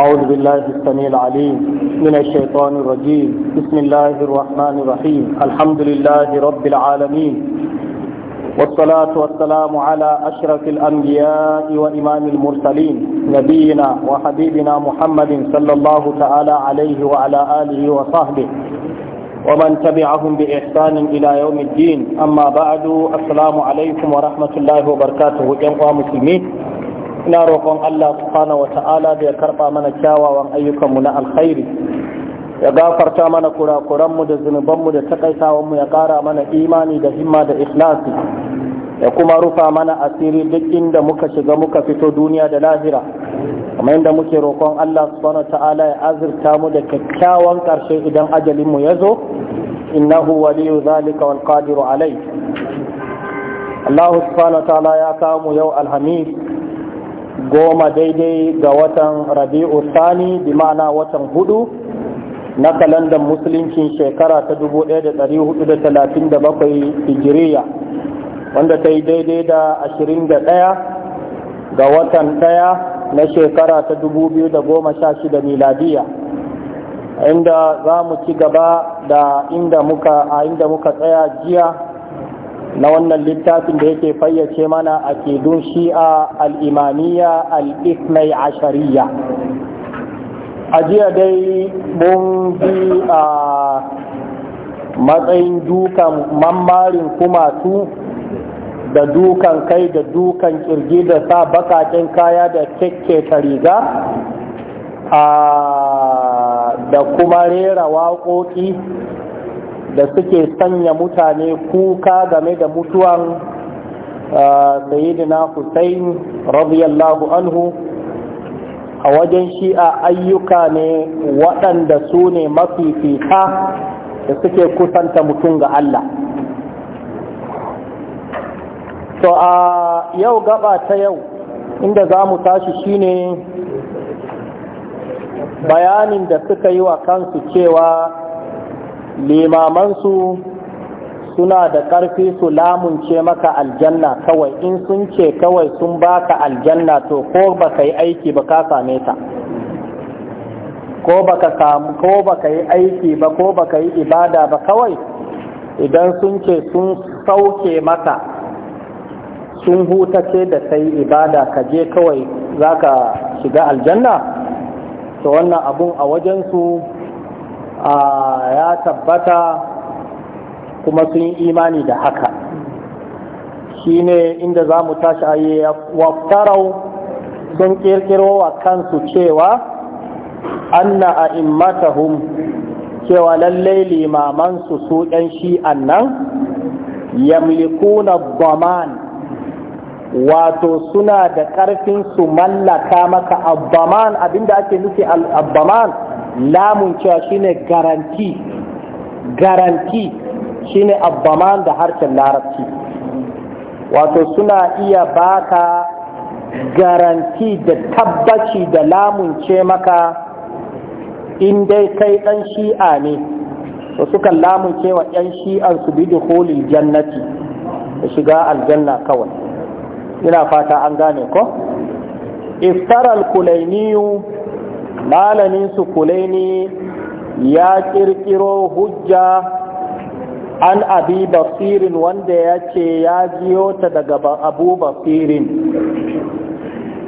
أعوذ بالله السميع العليم من الشيطان الرجيم بسم الله الرحمن الرحيم الحمد لله رب العالمين والصلاة والسلام على أشرف الأنبياء وإمام المرسلين نبينا وحبيبنا محمد صلى الله تعالى عليه وعلى آله وصحبه ومن تبعهم بإحسان إلى يوم الدين أما بعد السلام عليكم ورحمة الله وبركاته جمع مسلمين ina roƙon Allah subhanahu wata'ala da ya karɓa mana kyawawan ayyukanmu na alkhairi ya gafarta mana kurakuranmu da zunubanmu da takaitawanmu ya ƙara mana imani da himma da ikhlasi ya kuma rufa mana asiri duk inda muka shiga muka fito duniya da lahira kamar inda muke roƙon Allah subhanahu ta'ala ya azurta mu da kyakkyawan ƙarshe idan ajalin mu ya zo innahu waliyu zalika wal qadiru alai Allah subhanahu ta'ala ya kawo mu yau alhamis goma daidai ga watan rabi'u sani bi ma'ana watan hudu na kalandar musulunci shekara ta 1437 hijiriya wanda ta yi daidai da ashirin da ɗaya ga watan ɗaya na shekara ta dubu biyu da goma sha shida miladiya inda za mu ci gaba da inda muka a inda muka tsaya jiya na wannan littafin da yake fayyace mana a kedun shi'a al'imaniya al'ifnai ashariya a jiya dai mun bi a matsayin dukan mammarin kumatu da dukan kai da dukan kirgi da sa bakakin kaya da ta riga da kuma rera waƙoƙi da suke sanya mutane kuka game da mutuwan sayidina Hussein radiyallahu anhu a wajen shi a ayyuka ne waɗanda su ne mafifita da suke kusanta mutum ga Allah to a yau gaba ta yau inda za mu tashi shine bayanin da suka yi wa kansu cewa limamansu suna da ƙarfi su lamunce maka aljanna kawai in sun ce kawai sun baka aljanna to ko baka yi aiki ba ka same ta ko baka samu ko ka yi aiki ba ko baka yi ibada ba kawai idan sun ce sun sauke maka sun hutace da sai ibada ka je kawai za ka shiga aljanna to wannan abun a wajensu ya tabbata kuma sun yi imani da haka Shi ne inda za mu tashi a yi waftarau sun kirkiro wa kansu cewa anna a immatahum cewa lallai limamansu su 'yan shi'an nan yamlikuna daman wato suna da ƙarfin su mallaka maka abbaman abinda ake nufi abbaman lamun cewa shine garanti garanti shine abbaman da harshen larabci wato suna iya baka garanti da tabbaci da lamunce maka in dai kai ɗan shi'a ne to sukan lamuncewa wa 'yan shi'an su bi da jannati da shiga aljanna kawai ina fata an gane ko iftaral kulainiyu malamin su kulaini ya kirkiro hujja an abi basirin wanda ya ce ya jiyo ta daga abu basirin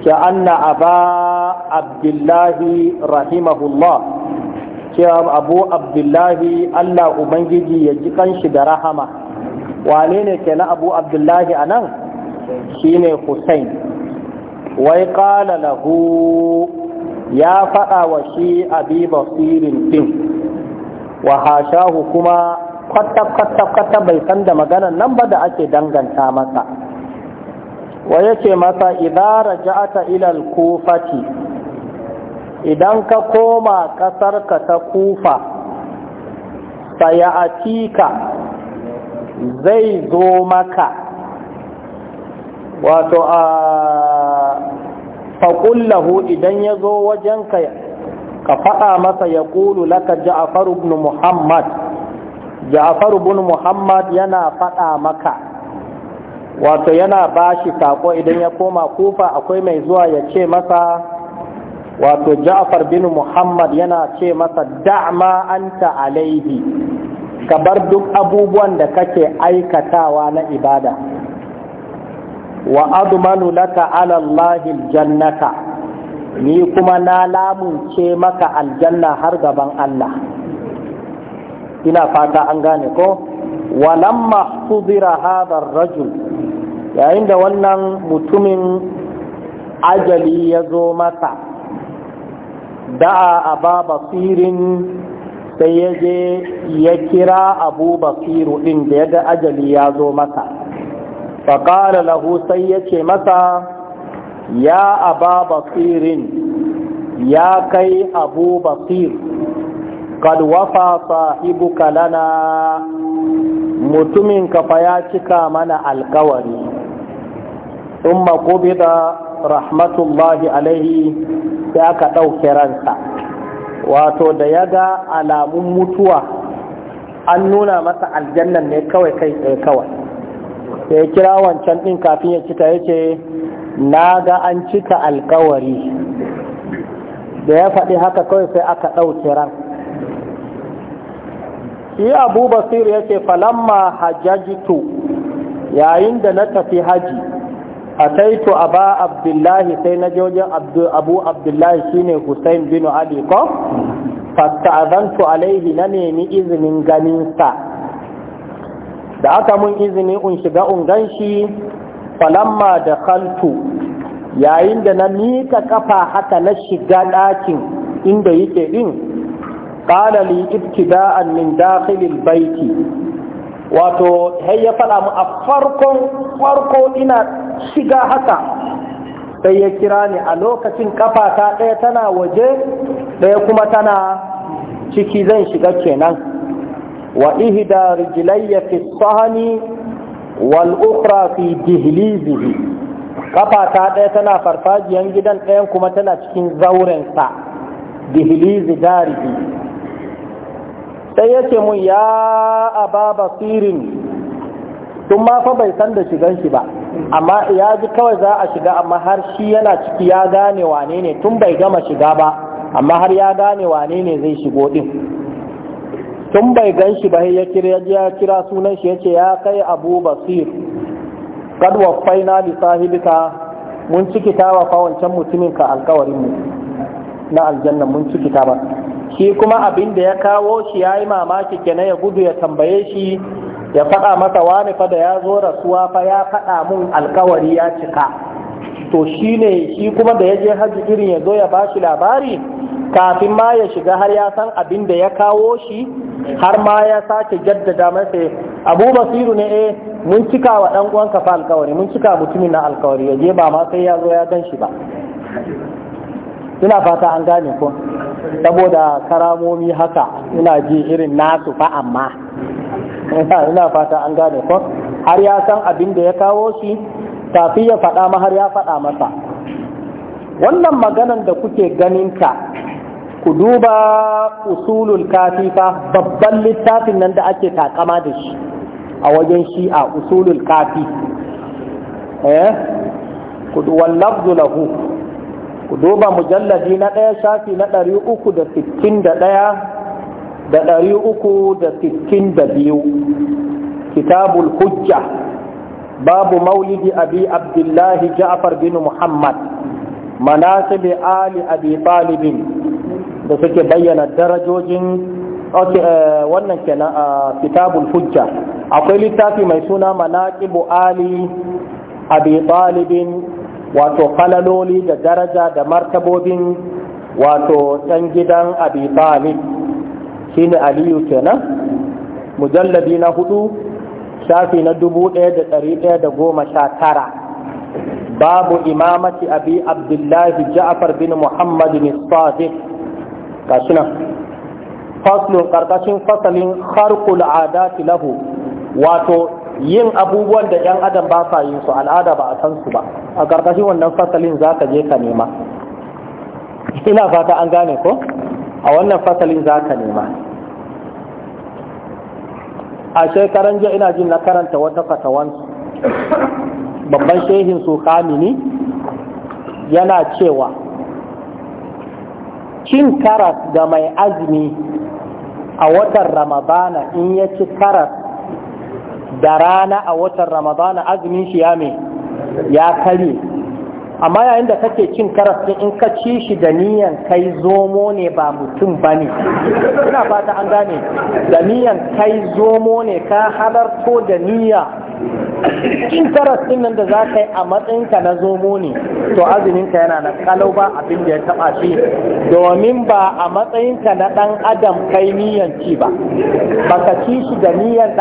ke anna aba abdullahi rahimahullah ce abu abdullahi allah ubangiji ya ji kanshi da rahama wane ne ke abu abdullahi a nan shine Hussein wai qala lahu ya faɗa wa shi abi basirin din wa hashahu kuma kwata kwata bai san da maganan nan ba da ake danganta masa wa yace masa idza raja'ata ilal al-kufati idan ka koma ƙasarka ka ta kufa saya'atika zai zo maka wato a faƙullahu idan ya zo wajenka ka faɗa masa ya ƙulu laka ja'afar ibn muhammad ja'afar ibn muhammad yana faɗa maka wato yana bashi saƙo idan ya koma kufa akwai mai zuwa ya ce masa wato Jafar bin muhammad yana ce masa da'ma anta alaihi ka bar duk abubuwan da kake aikatawa na ibada wa Adumanu laka ala Allahi jannata ni kuma na lamunce maka aljanna har gaban Allah ina fata an gane ko walamma hudira hadar rajul yayin da wannan mutumin ajali ya zo masa da'a aba basirin sai ya je ya kira abu basiru ɗin da ya ga ajali ya zo masa faƙala lahu sai ya ce masa ya aba ya kai abu basir kad wafa sahibuka lana mutumin kafa ya cika mana alkawari thumma qubida rahmatullahi alaihi sai aka ɗauke ransa wato da ya ga alamun mutuwa an nuna masa aljannan ne kawai kai tsaye kawai da ya kira wancan ɗin kafin ya cika ya ce na ga an cika alkawari da ya faɗi haka kawai sai aka ɗauki ran shi abu basir ya ce falamma hajjajitu yayin da na tafi haji a taito a ba abdullahi sai na jojin abu abdullahi shine hussein bin ali ko fasta'azantu alaihi na nemi izinin ganinsa da aka mun izini in shiga in ganshi falamma da kaltu yayin da na mika kafa haka na shiga ɗakin inda yake ɗin ƙalali li ibtida'an min dakhilil baiti wato hey ya faɗa mu a farkon farko ina shiga haka sai ya kira ni a lokacin kafa ta ɗaya tana waje ɗaya kuma tana ciki zan shiga kenan وإهدى رجلي في الصهن والأخرى في دهليزه kafa ta ɗaya tana farfajiyan gidan ɗayan kuma tana cikin zaurensa dihilizi darihi sai ya ce mun ya ababa sirin tun ma fa bai san da shigan shi ba amma ya ji kawai za a shiga amma har shi yana ciki ya gane wane ne tun bai gama shiga ba amma har ya gane wane ne zai shigo ɗin tun bai gan shi ba ya kira sunan shi ya ce ya kai abu basir kad na li sahibika mun ciki ta wafa wancan mutumin ka alkawarin mu na aljanna mun ciki ta ba shi kuma abin da ya kawo shi ya yi mamaki kenan ya gudu ya tambaye shi ya faɗa masa wani fa da ya zo rasuwa fa ya faɗa mun alkawari ya cika to shi ne shi kuma da ya je haji irin ya zo ya bashi labari kafin ma ya shiga har ya san abin da ya kawo shi har ma ya sake jaddada masa abu basiru ne eh mun cika wa dan uwanka fa alkawari mun cika mutumin na alkawari ya je ba ma sai ya zo ya gan shi ba ina fata an gane ko saboda karamomi haka ina ji irin nasu fa amma ina fata an gane ko har ya san abin da ya kawo shi tafi ya faɗa ma har ya faɗa masa wannan maganan da kuke ganin ka? ku duba usulul kafi fa babban littafin nan da ake takama da shi a wajen shi'a usulul kafi eh ku wallafzu lahu ku duba mujalladi na ɗaya shafi na ɗari uku da sittin da ɗaya da ɗari uku da sittin da biyu kitabul hujja babu maulidi abi abdullahi ja'far bin muhammad manasibi ali abi talibin da suke bayyana darajojin eh, wannan kenan a kitabul hujja akwai littafi mai suna manaqibu ali abi talibin wato falaloli da daraja da martabobin wato ɗan gidan abi talib shine aliyu kenan mujalladi na hudu shafi na dubu ɗaya da ɗari ɗaya da goma sha tara babu imamati abi abdullahi ja'far bin muhammad sadiq ga faslun karkashin fasalin harkul adati lahu wato yin abubuwan da yan adam ba sa yin su al'ada ba a san su ba a karkashin wannan fasalin za ka je ka nema ina fata an gane ko a wannan fasalin za ka nema a shekaran jiya ina jin na karanta wata fatawan babban shehin su kamini yana cewa cin karas da mai azumi a watan ramadana in ya ci karas da rana a watan ramadana azumin shi ya mai ya kare amma yayin da kake cin karas din in ka ci shi da niyan kai zomo ne ba mutum ba ne ina fata an gane da niyan kai zomo ne ka halarto da niyya in karas din nan da za ka yi a matsayinka na zomo ne to azuminka yana na kalau ba abin da ya taba shi domin ba a matsayinka na dan adam kai niyan ci ba ka ci shi da niyan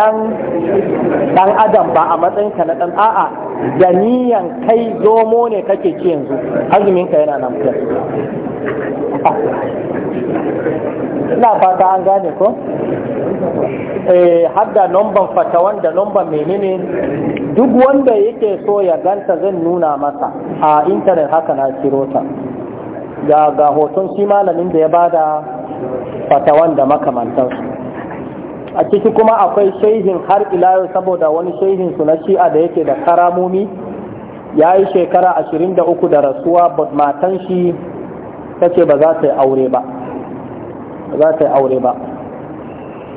dan adam ba a matsayinka na dan a'a da niyan kai zomo ne kake ci yanzu azuminka yana nan ina fata an gane ko eh, hadda nomban fata wanda nomban menene duk wanda yake so ya ganta zan nuna masa a intanet haka na ciro ta ga ga hoton shi malamin da ya bada fatawan da makamantansu a ciki kuma akwai shaihin har ilayo saboda wani shaihin su na shi'a da yake da karamomi ya yi shekara ashirin da uku da rasuwa matan shi ta ce ba za ta yi aure ba za ta yi aure ba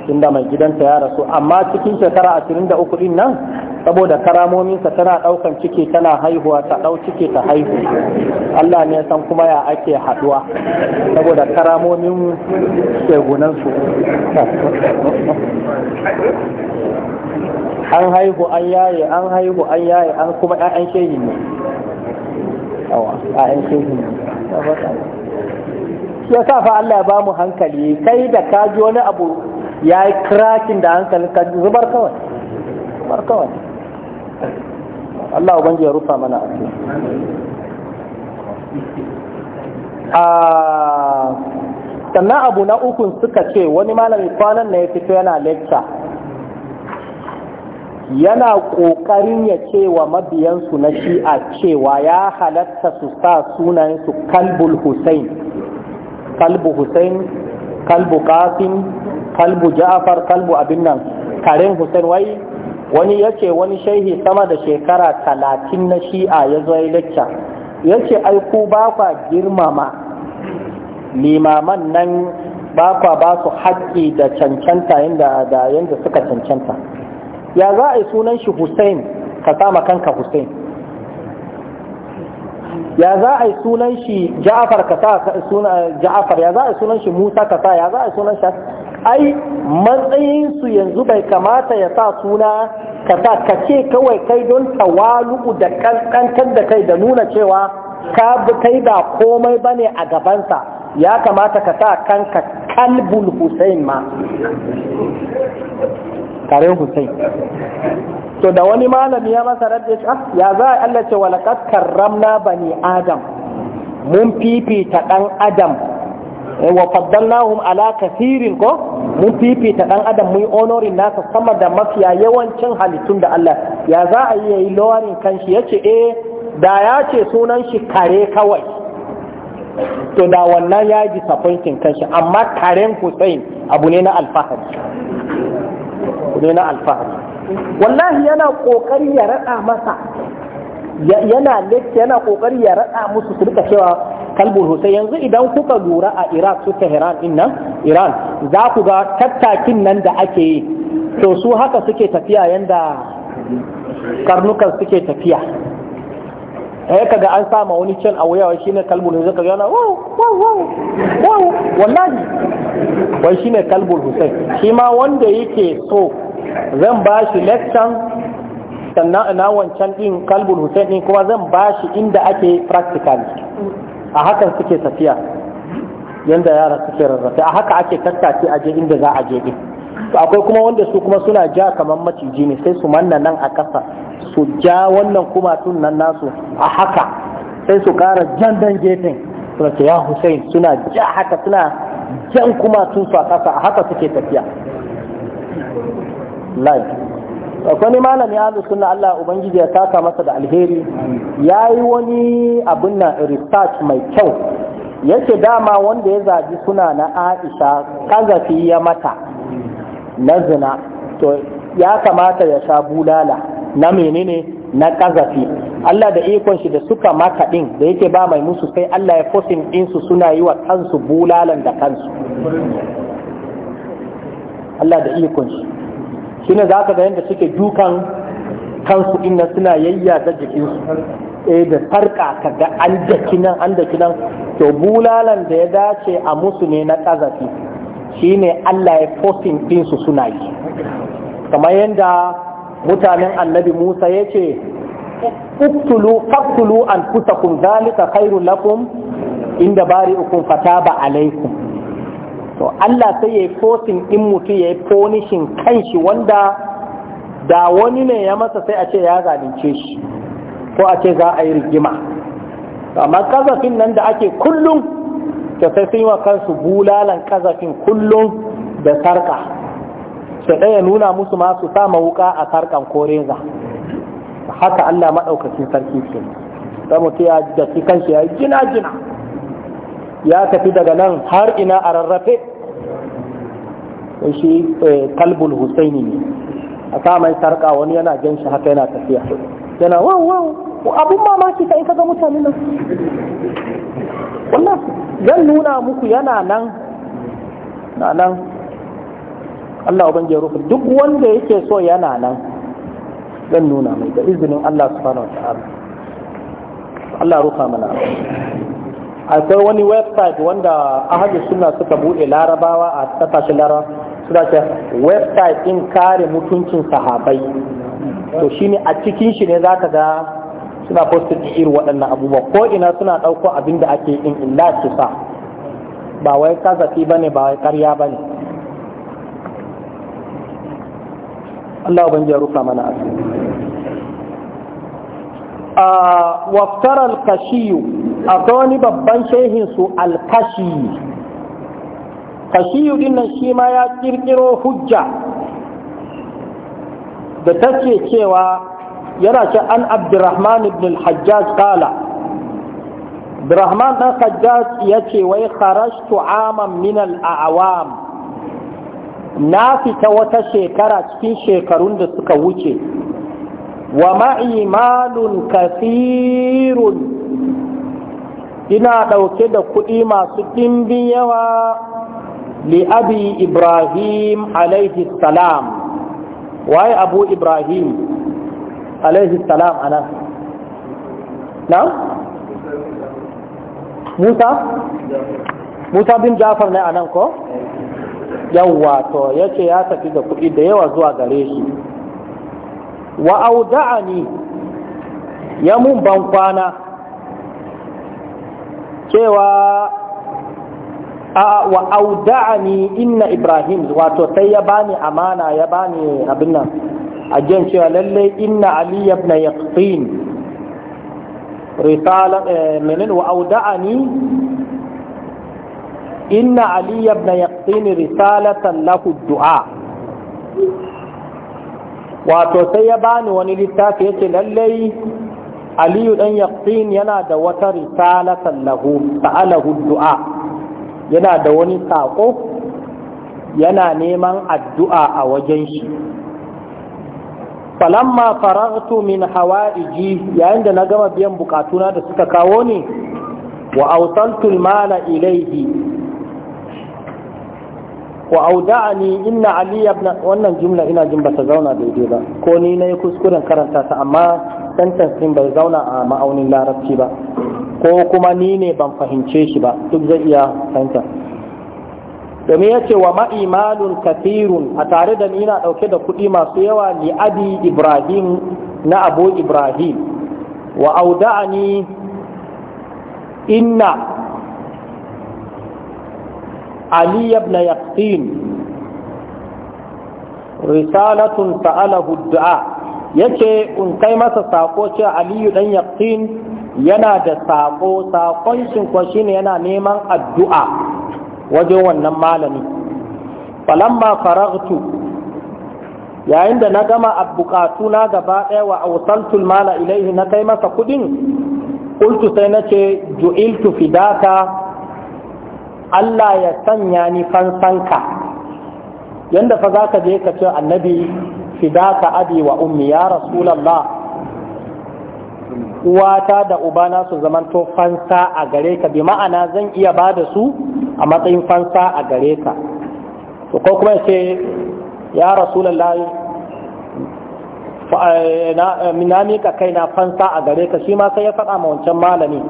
inda mai gidanta ya rasu amma cikin shekara ashirin da uku nan saboda karamominsa tana ɗaukan ciki tana haihuwa ta ɗau ciki ta haihu Allah ne san kuma ya ake haɗuwa saboda karamomin shegunansu an haihu an yaye an haihu an yaye an kuma ƴaƴan shehi ne awa ƴaƴan shehi ne shi yasa fa Allah ya ba mu hankali kai da ka ji wani abu ya yi kirakin da hankali ka zubar kawai zubar kawai Allah ubangiji ya rufa mana asiri ah, sannan abu na ukun suka ce wani malami kwanan na ya fito yana lecture yana ƙoƙarin ya ce wa mabiyansu na shi'a cewa ya halatta su sa sunayensu kalbul hussein kalbu hussein kalbu kafin, kalbu ja'afar, kalbu abin nan karen hussein wai wani ya ce wani shaihi sama da shekara talatin na shi'a ya zo ya lecca ya ce aiku, ba kwa girmama limaman nan ba kwa ba su haƙƙi da cancanta yadda yadda suka cancanta ya za a yi sunan shi hussein ka sama kanka hussein ya za a yi sunan shi ja'afar ka sa ja'afar ya za a yi sunan shi musa ka sa ya za a yi sunan shi ai matsayinsu yanzu bai kamata ya sa suna ka sa ka ce kawai kai don tawalu da kankan da kai da nuna cewa ka kai ba komai ba ne a gabansa ya kamata ka sa kanka kalbul husain ma kare Hussein to da wani malami ya masa rabbi shi ah, ya za a Allah ce walaqad karramna bani adam mun fifita dan adam eh, wa faddalnahum ala kathirin ko mun fifita dan adam mun honorin nasa sama da mafiya yawancin halittun da Allah ya za a yi yayi lowarin kanshi yace eh da ya ce sunan shi kare kawai to da wannan ya ji disappointing kanshi amma karen Hussein abu ne na alfahari ku ne na alfahari wallahi yana kokari ya rada masa yana lek yana kokari ya rada musu su rika cewa kalbul hussein yanzu idan kuka lura a iraq su tehran din nan iran za ku ga tattakin nan da ake yi to su haka suke tafiya yanda karnukan suke tafiya eh kaga an sama wani can a wuya shine kalbul hussein kaga yana wow wow wow wow wallahi wai shine kalbul hussein shi ma wanda yake so zan ba shi lecture sannan na wancan din kalbul hussein din kuma zan ba shi inda ake practical a hakan suke tafiya yanda yara suke rarrafe a haka ake tattace aje inda za a je din to akwai kuma wanda su kuma suna ja kamar maciji ne sai su manna nan a kasa su ja wannan kuma tun nan nasu a haka sai su kara jan dan gefen suna ce ya hussein suna ja haka suna jan kuma tun su a kasa a haka suke tafiya live wani malami ya suna Allah ubangiji ya taka masa da alheri ya yi wani abin nan research mai kyau yake dama wanda ya zaji suna na aisha kazafi ya mata na zina to ya kamata ya sha bulala na menene na kazafi Allah da ikon shi da suka maka din da yake ba mai musu sai Allah ya fosin ɗinsu suna yi wa kansu bulalan da kansu Allah da ikon shi shine za ka ga yadda suke dukan kansu inna suna yayyaza jikinsu eh da farka ka ga an daki nan an daki to bulalan da ya dace a musu ne na kazafi shine Allah ya fosin ɗinsu suna yi kamar yadda mutanen annabi Musa ya ce uktulu faktulu an kusa kun zalika khairu lakum inda bari ukun fataba alaikum to Allah sai ya yi forcing din mutum ya yi ponishin kanshi wanda da wani ne ya masa sai a ce ya zalunce shi ko a ce za a yi rigima amma kazafin nan da ake kullum to sai sun yi wa kansu bulalan kazafin kullum da sarka sai ɗaya nuna musu masu sama wuka a sarkan koreza haka Allah maɗaukacin sarki ke. sai mutum ya jaki kanshi ya yi jina jina ya tafi daga nan har ina a rarrafe shi eh, kalbul husaini ne a samai sarƙa wani yana jan shi haka yana tafiya yana wow wow abun mamaki ka in kaga mutane nan wannan zan nuna muku yana nan na nan Allah ubangiji rufe duk wanda yake so yana nan zan nuna mai da izinin Allah subhanahu wa ta'ala Allah rufa mana akwai wani website wanda ahadu suna suka bude larabawa a kasashen larabawa suna ce website in kare mutuncin sahabai to shine a cikin shi ne zaka ga suna posted irin waɗannan abubuwa ko ina suna ɗauko abin da ake in illa su sa ba wai kazafi bane ba wai ƙarya bane Allah ya rufa mana waftar kashiyu akwai wani babban shehinsu alkashiyu kashiyu dinnan shi ma ya kirkiro hujja da take cewa yana ce an abdurrahman ibn al-hajjaj kala abdurrahman ɗan hajjaj ya ce wai kharashtu aman min al-awam na fita wata shekara cikin shekarun da suka wuce wa ma'i malun kathirun ina ɗauke da kuɗi masu ɗimbin yawa li abi ibrahim alaihi salam waye abu ibrahim alaihi salam ana na musa musa bin jafar ne anan ko yawa to yace ya tafi da kuɗi da yawa zuwa gare shi wa auda'ani ya mun ban kwana cewa wa auda'ani inna ibrahim wato sai ya bani amana ya bani abin nan a jan cewa lallai inna ali ibn yaqtin risala menin wa auda'ani inna ali ibn yaqtin risalatan lahu du'a wato sai ya bani wani littafi yace lallai aliyu dan yaqtin yana da wata risalatan lahu ta'alahu du'a yana da wani sako yana neman addu'a a wajen shi falamma faragtu min hawa'iji yayin da na gama biyan bukatuna da suka kawo ni wa awsaltu mala ilaihi wa auda'ani inna ali ibn wannan jumla ina jin bata zauna daidai ba ko ni na yi kuskuren karanta ta amma sentence din bai zauna a ma'aunin larabci ba ko kuma ni ne ban fahimce shi ba duk zai iya fahimta domin ya ce wa ma'imalun kafirun a tare da ni na ɗauke da kuɗi masu yawa li abi ibrahim na abu ibrahim wa auda'ani inna علي بن يقطين رسالة سأله الدعاء yace in kai masa sako ce aliyu dan yaqin yana da sako sakon shin ko shine yana neman addu'a wajen wannan malami falamma faraghtu yayin da na gama abbukatu na gaba daya wa awsaltu mala ilaihi na kai masa kudin qultu sai nace ju'iltu fidaka Allah ya sanya ni fansanka yanda fa za ka je ka ce annabi fidaka abi wa ummi ya rasulallah uwata da ubana su zamanto fansa a gare ka bi ma'ana zan iya ba da su a matsayin fansa a gare ka ko kuma ce ya rasulallah eh, na eh, mika kaina fansa a gare ka shi ma sai ya faɗa ma wancan malami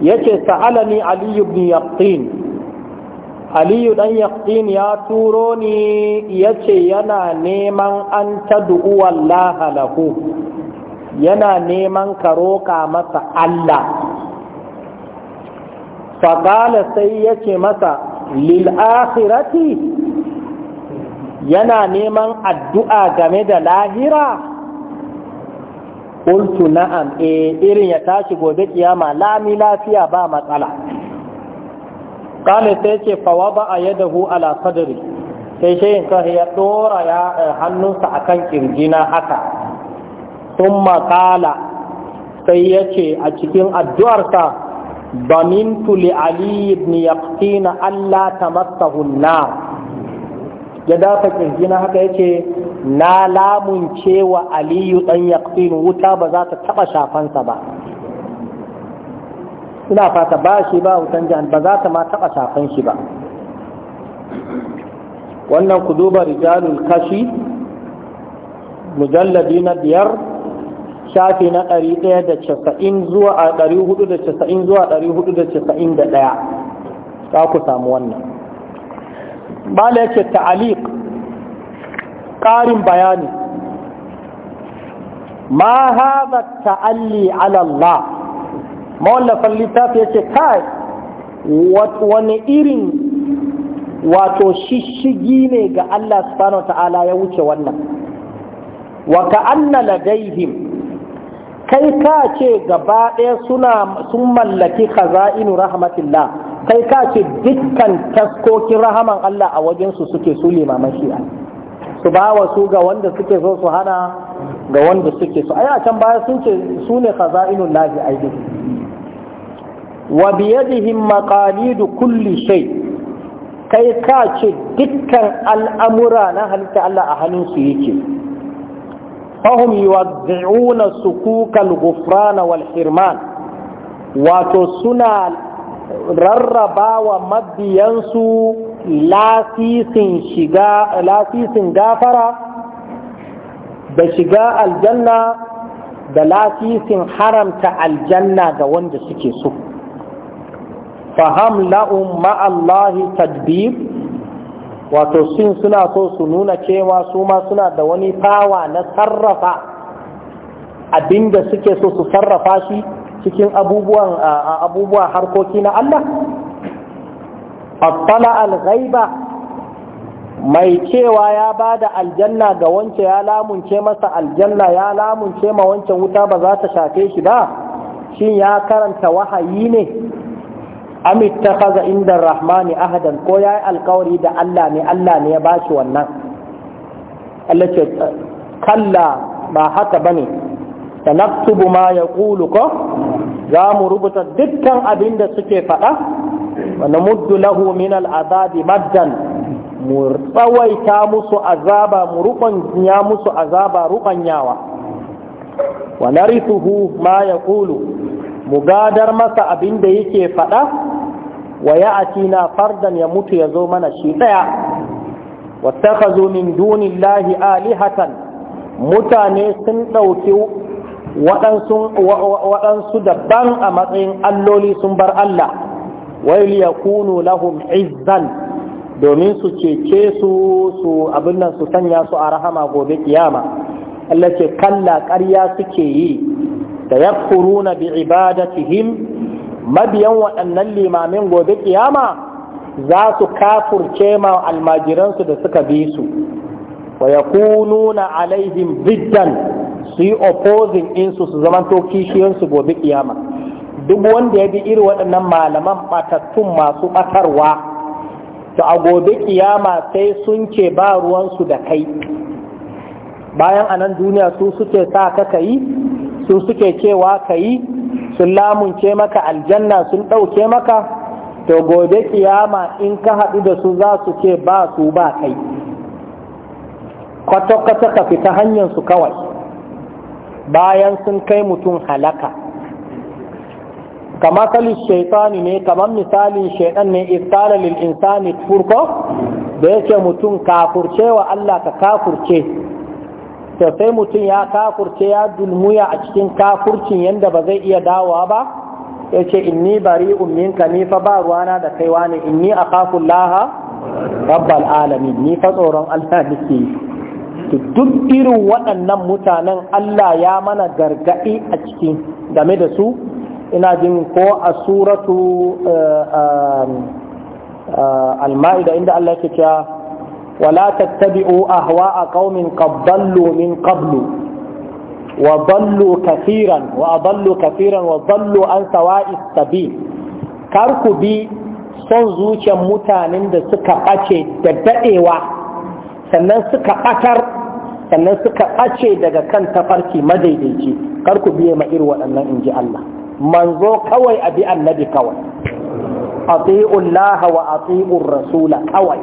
yace sa'alani ali ibn yaqin aliyu dan yaqin ya turo ni yace yana neman an tad'u wallahi lahu yana neman ka roƙa masa Allah faƙala sai yace masa lil akhirati yana neman addu'a game da lahira qultu na'am eh irin ya tashi gobe kiyama lami lafiya ba matsala qala ya ce fa wada yadahu ala sadri sai shehin kai ya tsora ya eh, hannunsa akan na haka thumma Kala sai yace a cikin addu'arsa ضمنت لعلي بن allah ta تمسه النار ya dafa kirjina haka ce na lamun cewa aliyu dan yaqin wuta ba za ta taba shafansa ba ina fata ba shi ba wutan jihar ba za ta ma taba shafan shi ba wannan ku duba rijalul kashi mujalladi na biyar shafi na ɗari ɗaya da casa'in zuwa a ɗari da casa'in zuwa ɗari hudu da casa'in da ɗaya za ku samu wannan mala yake ta'aliq ƙarin bayani ma haza ta'alli ala Allah mawallafan littafi yake kai wani irin wato shishigi ne ga Allah subhanahu ta'ala ya wuce wannan wa ka'anna ladaihim kai ka ce gaba ɗaya suna sun mallaki khaza'inu rahmatillah kai ka ce dukkan taskokin rahaman Allah a wajensu suke su limaman shi'a su ba wa su ga wanda suke so su hana ga wanda suke so ai a can baya sun ce su ne khaza'inul lahi aidi wa biyadihim maqalidu kulli shay kai ka ce dukkan al'amura na halitta Allah a hannun su yake fahum yuwaddi'una sukukal ghufran wal hirman wato suna Rarrabawa mabiyansu lasisin shiga lasisin gafara da shiga aljanna da lasisin haramta aljanna ga wanda suke so faham la'um ma'allahi tadbir wato sun suna so su nuna cewa su ma suna da wani fawa na sarrafa abinda suke so su sarrafa shi cikin abubuwan abubuwa harkoki na Allah attala al-ghaiba mai cewa ya bada aljanna ga wance ya lamunce masa aljanna ya lamunce ma wancan wuta ba za ta shafe shi ba shin ya karanta wahayi ne am ittakhadha inda rahmani ahadan ko yayi alkawari da Allah ne Allah ne ya bashi wannan Allah ce kalla ba haka bane sanaktubu ma yaqulu ko za mu rubuta dukkan abin da suke faɗa wani namuddu lahu min al'azabi maddan mu tsawaita musu azaba mu ruɓanya musu azaba ruɓanyawa wa narithuhu ma yaqulu mu gadar masa abin da yake faɗa wa atina fardan ya mutu ya zo mana shi ɗaya واتخذوا من دون الله mutane sun ɗauki waɗansu daban a matsayin alloli sun bar Allah wai kunu lahum izzan domin su cece su su abin nan su sanya su a rahama gobe kiyama Allah ce kalla ƙarya suke yi da yakfuruna bi ibadatihim mabiyan waɗannan limamin gobe kiyama za su kafurce ma almajiransu da suka bi su wa yakununa alaihim biddan su yi opposing insu su zaman to kishiyarsu gobe kiyama duk wanda ya bi iri waɗannan malaman batattun masu ɓatarwa to a gobe kiyama sai sun ce ba ruwansu da kai bayan a nan duniya su suke sa ka yi su suke cewa kayi sun lamunce maka aljanna sun ɗauke maka to gobe kiyama in ka haɗu da su za su ce ba su ba kai kwata-kwata ka fita hanyar su kawai bayan sun kai mutum halaka kama kalin shaitani ne kamar misalin shaitan ne iftara lil insani furko da yake mutum kafurcewa Allah ka kafurce to sai mutum ya kafurce ya dulmuya a cikin kafurcin yadda ba zai iya dawowa ba ya ce inni bari ka, ni fa ba ruwana da kaiwa ne inni a kafin laha rabbal alamin ni fa tsoron Allah nake yi duk irin waɗannan mutanen Allah ya mana gargaɗi a ciki game da su ina jin ko a suratu eh, eh, eh, al-ma'ida inda Allah yake cewa wala tattabi'u ahwa'a qaumin qad dallu min qablu وضلوا كثيرا وأضلوا كثيرا وضلوا عن سواء kar ku bi son zuciyar mutanen da suka ɓace da daɗewa sannan suka ɓatar sannan suka ɓace daga kan tafarki madaidaici kar ku biye ma iri waɗannan in ji Allah manzo kawai a bi annabi kawai ati'u Laha wa ati'u rasula kawai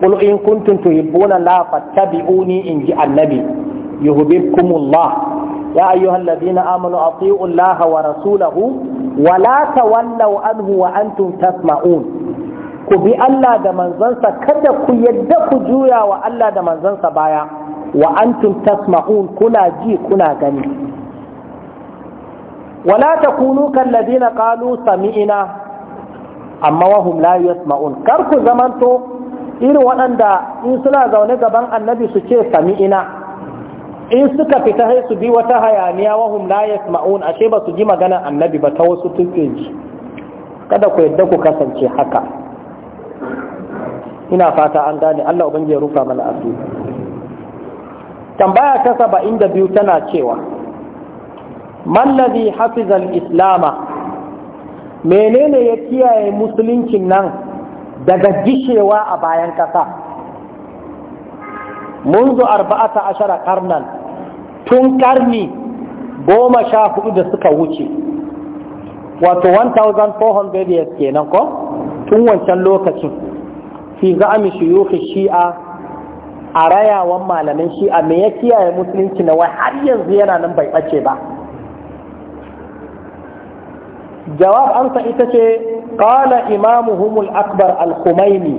qul in kuntum tuhibbuna Allah fattabi'uni in ji annabi Ya yuhibbukumullah يا أيها الذين آمنوا أطيعوا الله ورسوله ولا تولوا wa وأنتم tasma'un. ku bi Allah da manzansa kada ku yadda ku juya wa Allah da manzansa baya wa antum tasma'un kuna ji kuna gani wala takunu kallazina qalu sami'na amma wahum la yasma'un kar ku zamanto irin waɗanda in suna zaune gaban annabi su ce sami'ina in suka fita sai su bi wata hayaniya wahum la yasma'un ashe ba su ji magana annabi ba ta wasu tuke kada ku yadda ku kasance haka ina fata an gane Allah ubangiji ya rufa mana asiri tambaya ta saba'in da biyu tana cewa mallazi hafizal islama menene ya kiyaye musuluncin nan daga gishewa a bayan ƙasa منذ أربعة عشر قرنا tun karni goma sha hudu da suka wuce wato 1400 years kenan ko tun wancan lokacin fi za'ami shuyukhi shi'a a rayawan malamin shi'a me ya kiyaye musulunci na wai har yanzu yana nan bai ɓace ba jawab ansa ita ce qala imamuhum al-akbar al kumaini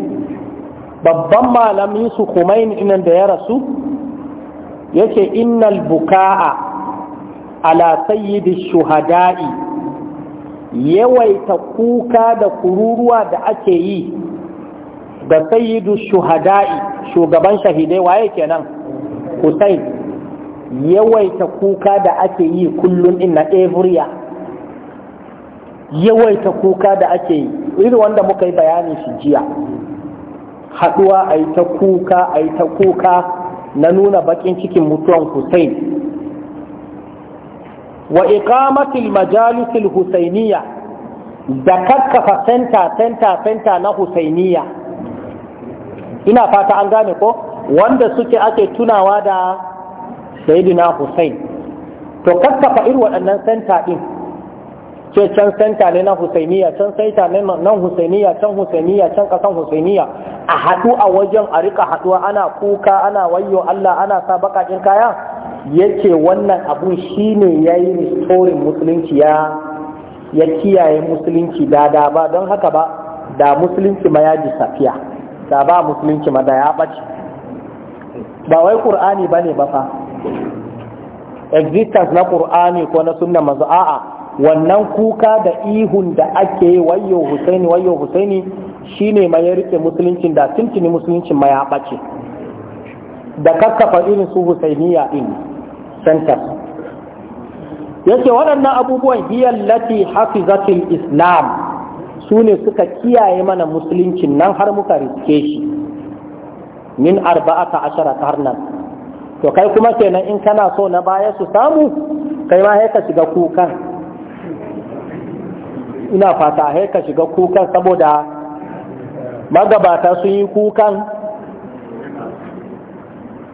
babban malamin su Kumaini inan da ya rasu yace innal buka'a ala sayyidi shuhada'i yawaita kuka da kururuwa da ake yi da sayyidu shuhada'i shugaban shahidai waye kenan Hussein yawaita kuka da ake yi kullum in na yawaita kuka da ake yi iri wanda muka yi bayanin shi jiya haduwa a yi ta kuka a ta kuka na nuna bakin cikin mutuwan Hussein wa iqamatil majalisil husainiya da kakkafa senta senta senta na husainiya ina fata an gane ko wanda suke ake tunawa da sayyidina Hussein to kakkafa irin waɗannan senta din ce can senta ne na Husainiya can senta ne nan Husainiya can Husainiya can kasan Husainiya a haɗu a wajen a rika haɗuwa ana kuka ana wayo Allah ana sa baƙaƙin kaya yace wannan abun shine yayi restoring musulunci ya ya kiyaye musulunci da da ba don haka ba da musulunci ma ya ji safiya da ba musulunci ma da ya ɓace ba wai ƙur'ani ba ne ba fa existence na ƙur'ani ko na sunna mazu a'a wannan kuka da ihun da ake wayo husaini wayo husaini shine ma ya rike musuluncin da tuntuni musuluncin ma ya ɓace da kakkafa irin su husainiya in center Yake waɗannan abubuwan hiyar lati hafizatul islam su ne suka kiyaye mana musuluncin nan har muka riske shi min arba'ata ashara karnan to kai kuma kenan in kana so na baya su samu kai ma ka shiga kukan ina fata ka shiga kukan saboda magabata sun yi kukan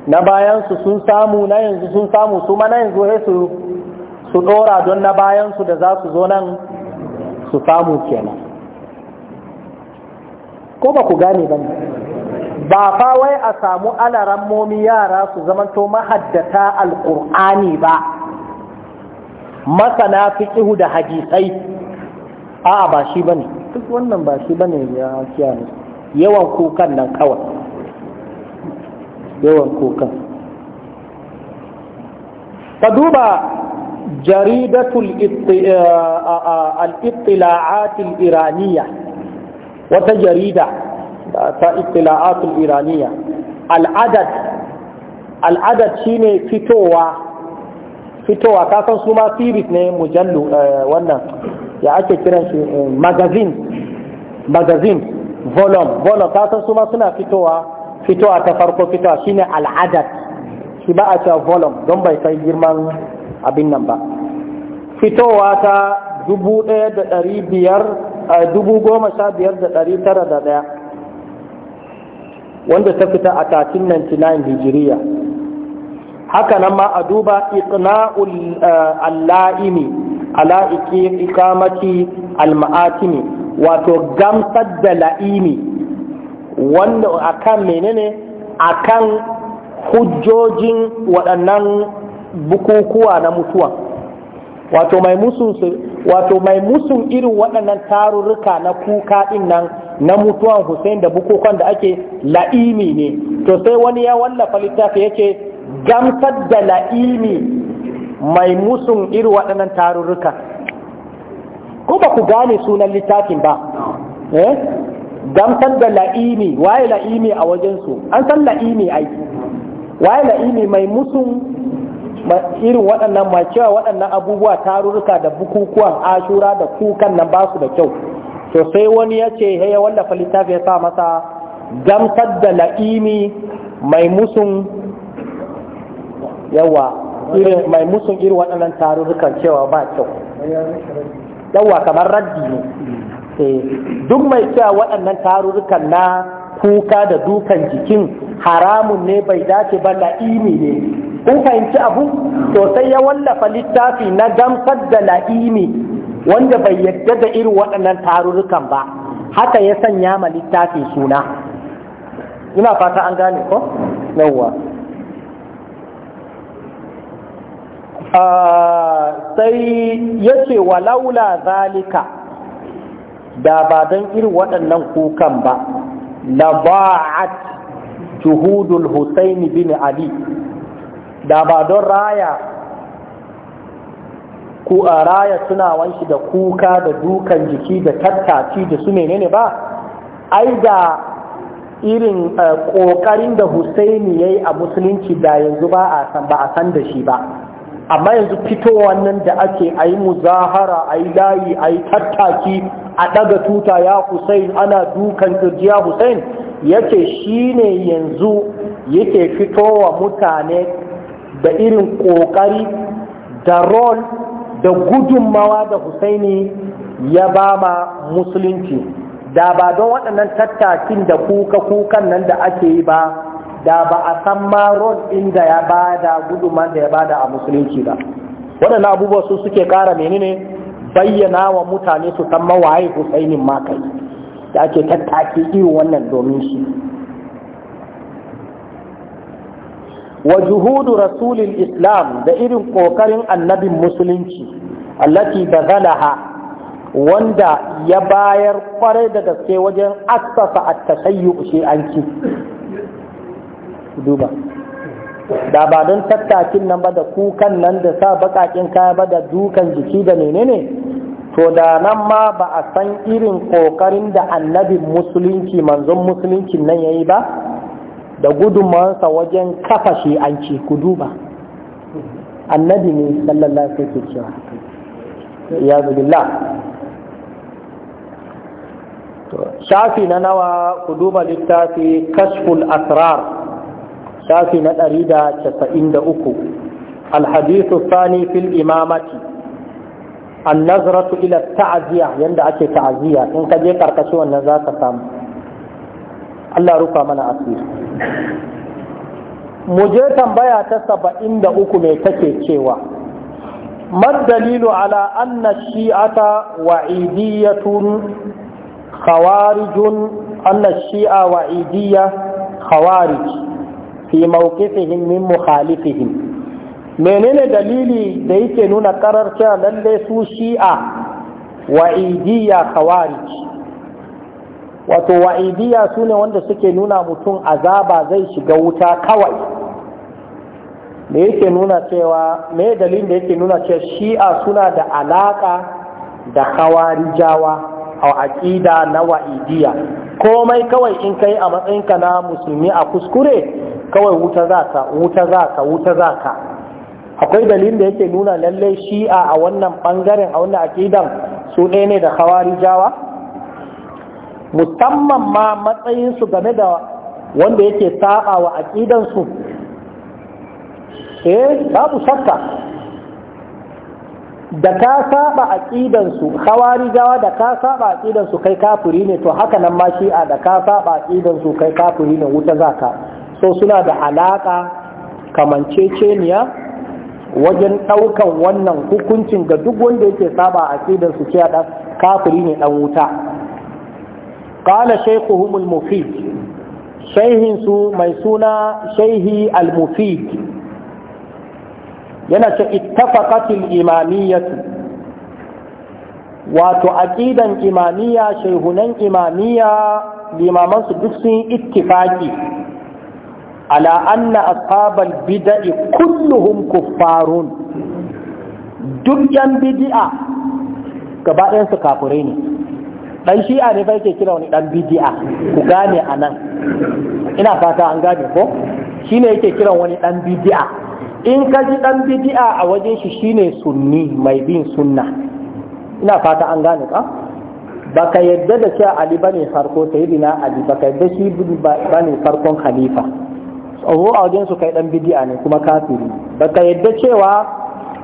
na bayansu sun samu na yanzu sun samu su ma na yanzu sai su su dora don na bayansu da za su zo nan su samu kenan ko ba ku gane ba ne ba fa wai a samu alaran momi yara su zamanto mahaddata alƙur'ani ba masana fiqihu da hadisai a'a ba shi bane duk wannan ba shi bane ya ne. yawan kukan nan kawai yawan kukan ka duba jaridatul eh, al-ittila'at al-iraniyah wata jarida ta istila'atul iraniya al'adad al'adad shine fitowa fitowa kasan su ma series ne mujallu eh, wannan ya ake kiran shi eh, magazine magazine volume volume kasan su ma suna fitowa fitowa ta farko fitowa shine al'adad shi ba a cewa volume don bai kai girman abin nan ba fitowa ta dubu ɗaya da ɗari biyar dubu goma sha biyar da ɗari tara da ɗaya wanda ta fita a 1399 hijiriya haka nan ma a duba iqna'ul eh, alla'imi ala ikamati alma'atimi wato gamsar da la'imi wanda kan menene kan hujjojin waɗannan bukukuwa na mutuwa wato mai musu wato mai musun irin waɗannan tarurruka na kuka ɗin nan na mutuwan Hussein da bukukuwan da ake la'imi ne to sai wani ya wallafa littafi yake gamsar da la'imi mai musun irin waɗannan tarurruka ko ba ku gane sunan littafin ba eh gamsar da la'imi waye la'imi a wajensu an san la'imi ai waye la'imi mai musun irin waɗannan ma cewa waɗannan abubuwa tarurruka da bukukuwan ashura da kukan nan ba su da kyau to sai wani ya ce ya wallafa littafi ya sa masa gamsar da la'imi mai musun yawa irin mai musun irin waɗannan tarurrukan cewa ba kyau yawa kamar raddi ne eh, duk mai cewa waɗannan tarurrukan na kuka da dukan jikin haramun ne bai dace ba la'imi ne kun fahimci abu to sai ya wallafa littafi na gamsar da la'imi wanda bai yadda da irin waɗannan tarurrukan ba haka ya sanya ma littafi suna ina fata an gane ko yawwa ah, sai ya ce Laula zalika da ba don irin waɗannan kukan ba laba'at juhudul Husaini bin Ali da ba don raya ku a raya tunawan shi da kuka da dukan jiki da tattaci da su menene ba ai da irin ƙoƙarin da Husaini ya yi a musulunci da yanzu ba a san da shi ba amma yanzu fitowa nan da ake a yi muzahara a yi layi a yi tattaki a ɗaga tuta ya hussein ana dukan kirji ya hussein yake shi ne yanzu yake fitowa mutane da irin ƙoƙari da rol da gudunmawa da Hussaini ya ba ma musulunci da ba don waɗannan tattakin da kuka kukan nan da ake yi ba da ba a san ma rod ɗin da ya bada guduman da ya bada a musulunci ba waɗannan abubuwa su suke ƙara menene bayyana wa mutane su san mawaye husainin makai da ake tattaki irin wannan domin shi wa juhudu rasulil islam da irin ƙoƙarin annabin musulunci allati bazalaha wanda ya bayar kwarai da gaske wajen assasa at-tashayyu shi'anci duba da ba don tattakin nan ba da kukan nan da sa bakakin kaya ba da dukan jiki da menene to da nan ma ba a san irin kokarin da annabin musulunci manzon musulunci nan ya yi ba da gudunmansa wajen kafa shi an ci ku duba annabi ne sallallahu alaihi wasallam cewa ya billah shafi na nawa ku duba littafi kashful asrar Safi na ɗari da casa'in da uku alhadisu sani fil imamati an nazaratu ila ta'aziyya yanda ake ta'aziyya in ka je karkashi wannan za ka samu Allah rufa mana asiri mu je tambaya ta saba'in da uku mai take cewa ما dalilu ala أن الشيعة وعيدية خوارج أن fi mawqifihim min mukhalifihim menene dalili da yake nuna karar cewa lalle su shi'a wa'idiyya khawarij wato wa'idiyya sune wanda suke nuna mutum azaba zai shiga wuta kawai me yake nuna cewa me dalilin da yake nuna cewa shi'a suna da alaka da khawarijawa a aqida na wa'idiyya komai kawai in kai a matsayinka na musulmi a kuskure kawai wuta za ka wuta za ka wuta za ka akwai dalilin da yake nuna lallai shi'a a wannan bangaren a wannan akidan su ɗaya ne da hawari jawa musamman ma matsayinsu game da wanda yake saba wa su eh babu shakka da ka saba aqidansu gawa da ka saba aqidansu kai kafuri ne to haka nan ma shi'a da ka saba aqidansu kai kafiri ne wuta zaka so suna da alaka kamanceceniya wajen daukan wannan hukuncin ga duk wanda yake saba aqidansu cewa da kafiri ne dan wuta qala shaykhuhumul mufid shayhin su mai suna shayhi al-mufid yana ce ittafaqatil imamiyyatu wato aqidan imamiyya shehunan imamiyya limaman su duk sun ittifaqi ala anna ashabal bid'i kulluhum kuffarun duk yan bid'a gaba ɗayan su kafirai ne dan shi'a ne fa kira wani dan bid'a ku gane anan ina fata an gane ko shine yake kiran wani dan bid'a in ka ji dan bidi'a a wajen shi shine sunni mai bin sunna ina fata an gane ka baka yadda da cewa ali bane farko sayyidina ali baka yadda shi bane farkon khalifa tsoro a wajen su kai dan bidi'a ne kuma kafiri baka yadda cewa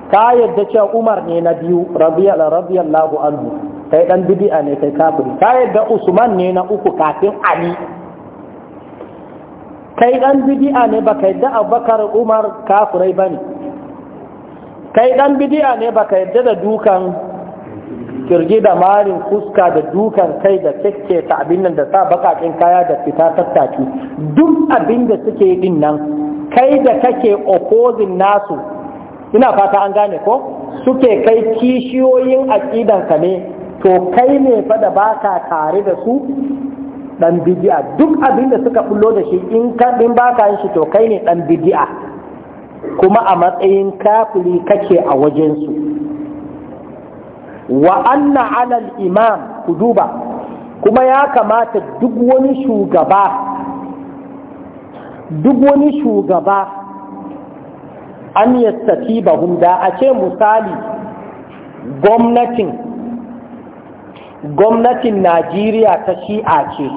ka yadda cewa umar ne na biyu radiyallahu anhu kai dan bidi'a ne kai kafiri ka yadda usman ne na uku kafin ali kai dan bidi'a ne kai da abubakar umar kafurai bane kai dan bidi'a ne baka kai da dukan kirgi da marin fuska da dukan kai da kyakke ta abin nan da sa bakakin kaya da fita tattaki duk abin da suke din nan kai da kake opposing nasu ina fata an gane ko suke kai kishiyoyin ka ne to kai ne fa da baka tare da su dan bidi'a duk abin da suka bullo da shi in ka din baka yin shi to kai ne dan bidi'a kuma a matsayin kafiri kake a wajen su wa anna ala al-imam kuduba kuma ya kamata duk wani shugaba duk wani shugaba an yastatiba da a ce misali gwamnatin gwamnatin najeriya ta shi'a ce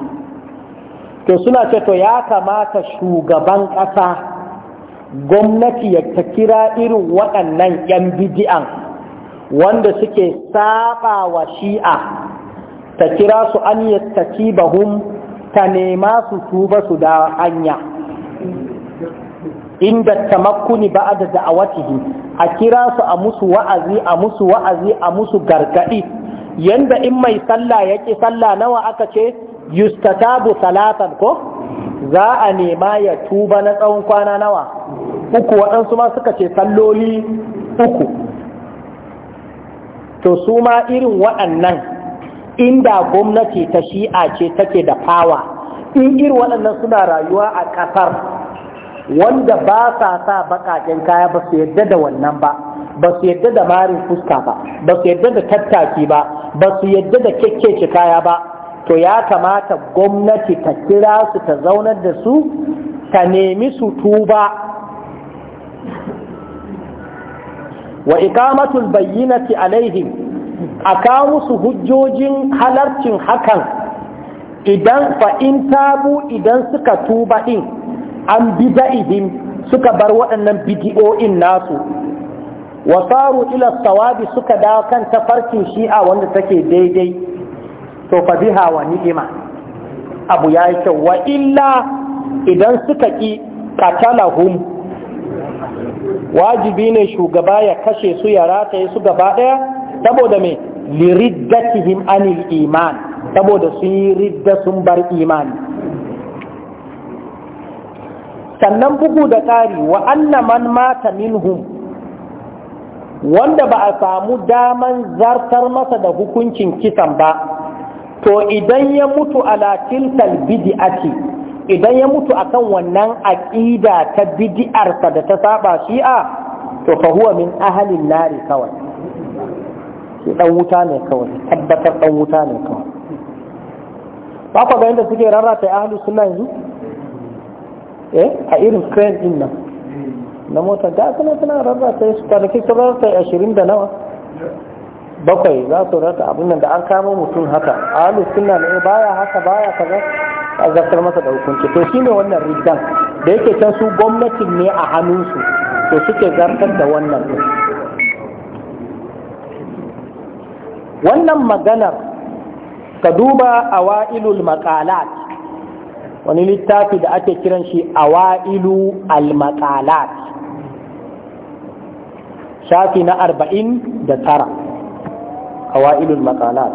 to suna ce to ya kamata shugaban ƙasa gwamnati ya ta kira irin waɗannan 'yan bidi'an wanda suke saba wa shi'a ta kira su an yattaki bahum ta nema su tuba su da hanya inda makuni ba da da'awatihi a kira su a musu wa'azi a musu wa'azi a musu gargaɗi yanda in mai sallah ya ƙi sallah nawa aka ce yustatabu salatan ko za a nema ya tuba na tsawon kwana nawa uku waɗansu ma suka ce salloli uku to su ma irin waɗannan inda gwamnati ta shi'a ce take da fawa in irin waɗannan suna rayuwa a ƙasar wanda ba sa sa baƙaƙen kaya ba su yadda da wannan ba ba su yadda da marin fuska ba ba su yadda da tattaki ba ba su yadda da kekkece kaya ba to ya kamata gwamnati ta kira su ta zaunar da su ta nemi su tuba wa ikamatul bayyinati alaihim a kawo musu hujjojin halarcin hakan idan fa'in tabu idan suka tuba ɗin an bida'ihim suka bar waɗannan bidiyo'in nasu wa saru ila sawabi suka dawo kan tafarkin shi'a wanda take daidai to fa biha wa ni'ima abu ya yi kyau wa illa idan suka ki katalahum wajibi ne shugaba ya kashe su ya rataye su gaba daya saboda me liriddatihim anil iman saboda sun yi ridda sun bar imani sannan bugu da ƙari wa anna man mata minhum wanda ba a samu daman zartar masa da hukuncin kisan ba to idan ya mutu ala tilkal bid'ati idan ya mutu akan wannan aqida ta bid'arsa da ta saba shi'a to fa huwa min ahli nari kawai shi dan wuta ne kawai tabbatar dan wuta ne kawai ba ku ga inda suke rarrata ahli sunna yanzu eh a irin trend din nan na mota ga suna suna rarra sai su kwanaki turar ta ashirin da nawa bakwai za su rarra abin nan da an kama mutum haka a halin suna ne baya haka baya kaza a zartar masa da hukunci to shi ne wannan riddan da yake can su gwamnatin ne a hannunsu to suke zartar da wannan wannan maganar ka duba wa'ilul maqalat wani littafi da ake kiran shi Wailu al-maqalat shafi na arba'in da tara kawailul maqalat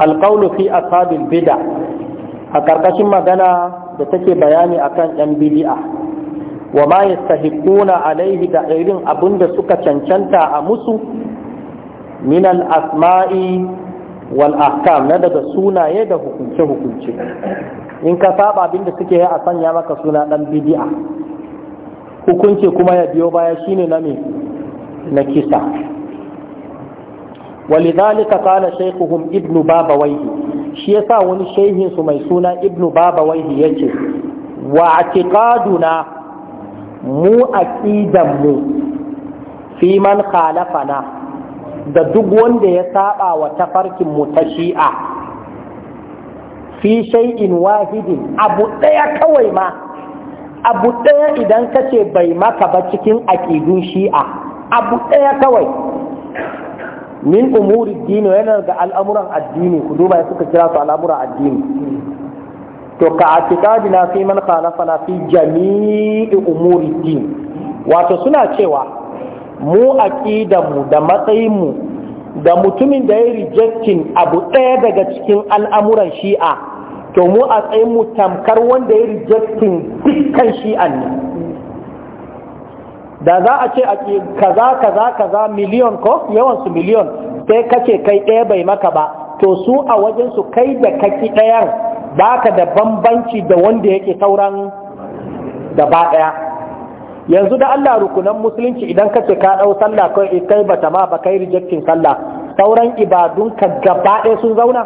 alƙaunu fi ashabil bida a ƙarƙashin magana da take bayani akan yan bidi'a wa ma yastahiquna alaihi da irin abin da suka cancanta a musu min asmai wal ahkam na daga sunaye da hukunce hukunce in ka saba abinda da suke yi a sanya maka suna ɗan bidi'a hukunci kuma ya biyo baya shine na me na kisa walidhalika qala shaykhuhum ibn babawayhi shi yasa wani shehin su mai suna ibn babawayhi yace wa atiqaduna mu aqidan mu fi man khalafana da duk wanda ya saɓa wa tafarkin mu ta shi'a fi shay'in wahidin abu ɗaya kawai ma abu ɗaya idan ka ce bai maka ba cikin aƙidun shi'a abu ɗaya kawai min umuri dino yana ga al'amuran addini ku duba ya suka kira su al'amuran addini to ka atikadi na fi man fi jami'i umuri din wato suna cewa mu aqidanmu da matsayinmu da mutumin da ya rejectin abu ɗaya daga cikin al'amuran shi'a to mu a tsayin mu tamkar wanda ya rejectin dukkan shi'an ne da za a ce a kaza kaza kaza miliyon ko yawansu miliyon sai kace kai ɗaya bai maka ba to su a wajen su kai da kaki ɗayan ba ka da bambanci da wanda yake sauran gaba ɗaya yanzu da Allah rukunan musulunci idan kace ka ɗau sallah eh, kai kai bata ma ba kai rejectin sallah sauran ibadunka gaba ɗaya sun zauna